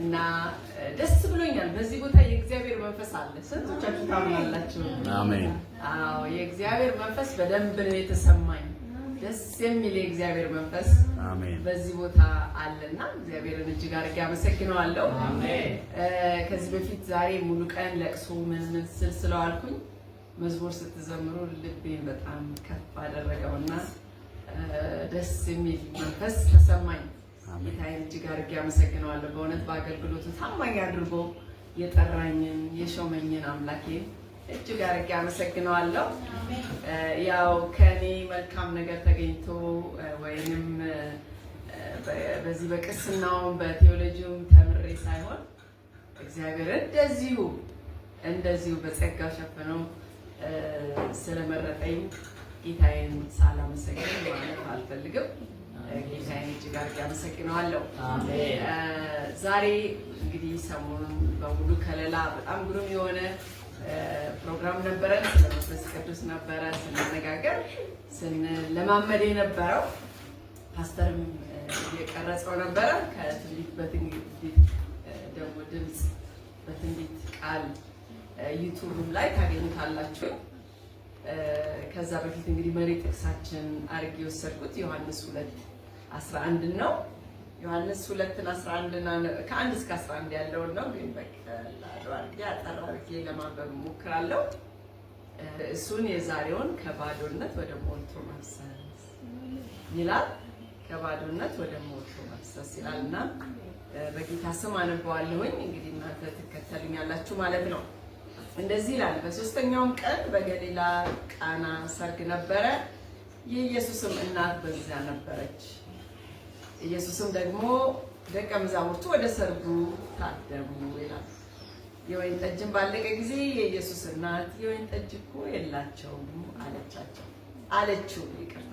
እና ደስ ብሎኛል። በዚህ ቦታ የእግዚአብሔር መንፈስ አለ። ስንቶቻችሁ ታምናላችሁ? አሜን። አዎ፣ የእግዚአብሔር መንፈስ በደንብ ነው የተሰማኝ። ደስ የሚል የእግዚአብሔር መንፈስ በዚህ ቦታ አለና እግዚአብሔርን እጅግ አድርጌ አመሰግነዋለሁ። ከዚህ በፊት ዛሬ ሙሉ ቀን ለቅሶ ምን ምን ስል ስለዋልኩኝ መዝሙር ስትዘምሩ ልቤን በጣም ከፍ አደረገውና ደስ የሚል መንፈስ ተሰማኝ። ጌታዬን እጅግ አድርጌ አመሰግነዋለሁ። በእውነት በአገልግሎቱ ታማኝ አድርጎ የጠራኝን የሾመኝን አምላኬ እጅግ አድርጌ አመሰግነዋለሁ። ያው ከኔ መልካም ነገር ተገኝቶ ወይንም በዚህ በቅስናውም በቴዎሎጂውም ተምሬ ሳይሆን እግዚአብሔር እንደዚሁ እንደዚሁ በጸጋው ሸፍኖ ስለመረጠኝ ጌታዬን ሳላመሰግን ማለት አልፈልግም። ጌታዬን እጅግ አድርጌ አመሰግነዋለሁ። ዛሬ እንግዲህ ሰሞኑን በሙሉ ከለላ በጣም ግሩም የሆነ ፕሮግራም ነበረን። ስለ መንፈስ ቅዱስ ነበረ ስንነጋገር ስንለማመድ የነበረው ፓስተርም የቀረጸው ነበረ ከትንቢት በትንቢት ደግሞ ድምፅ በትንቢት ቃል ዩቱብ ላይ ታገኙታላችሁ። ከዛ በፊት እንግዲህ መሪ ጥቅሳችን አርጌ የወሰድኩት ዮሐንስ ሁለት አስራ አንድ ነው። ዮሐንስ ሁለትን አስራ አንድ ከአንድ እስከ አስራ አንድ ያለውን ነው ግን በአርጌ አጠር አርጌ ለማንበብ እሞክራለሁ። እሱን የዛሬውን ከባዶነት ወደ ሞልቶ መፍሰስ ይላል። ከባዶነት ወደ ሞልቶ መፍሰስ ይላል እና በጌታ ስም አነበዋለሁኝ። እንግዲህ እናንተ ትከተልኛላችሁ ማለት ነው። እንደዚህ ይላል። በሶስተኛውም ቀን በገሊላ ቃና ሰርግ ነበረ፣ የኢየሱስም እናት በዚያ ነበረች። ኢየሱስም ደግሞ ደቀ መዛሙርቱ ወደ ሰርጉ ታደሙ ይላል። የወይን ጠጅም ባለቀ ጊዜ የኢየሱስ እናት የወይን ጠጅ እኮ የላቸውም አለቻቸው አለችው። ይቅርታ።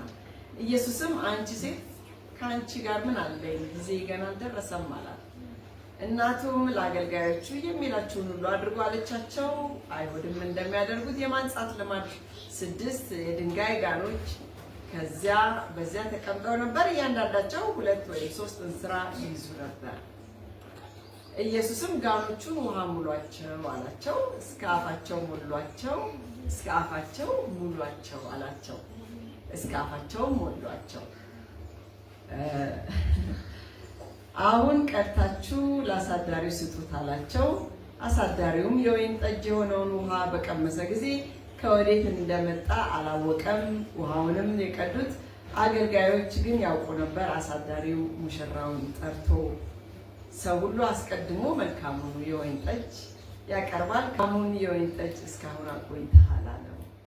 ኢየሱስም አንቺ ሴት ከአንቺ ጋር ምን አለኝ? ጊዜ ገና አልደረሰም አላት። እናቱም ለአገልጋዮቹ የሚላችሁን ሁሉ አድርጎ አለቻቸው። አይሁድም እንደሚያደርጉት የማንጻት ልማድ ስድስት የድንጋይ ጋኖች ከዚያ በዚያ ተቀምጠው ነበር። እያንዳንዳቸው ሁለት ወይም ሶስት እንስራ ይይዙ ነበር። ኢየሱስም ጋኖቹን ውሃ ሙሏቸው አላቸው። እስከ አፋቸው ሞሏቸው። እስከ አፋቸው ሙሏቸው አላቸው። እስከ አፋቸው ሞሏቸው። አሁን ቀድታችሁ ለአሳዳሪው ስጡት አላቸው። አሳዳሪውም የወይን ጠጅ የሆነውን ውሃ በቀመሰ ጊዜ ከወዴት እንደመጣ አላወቀም። ውሃውንም የቀዱት አገልጋዮች ግን ያውቁ ነበር። አሳዳሪው ሙሽራውን ጠርቶ ሰው ሁሉ አስቀድሞ መልካሙን የወይን ጠጅ ያቀርባል፣ ካሙን የወይን ጠጅ እስካሁን አቆይተሃል አለው።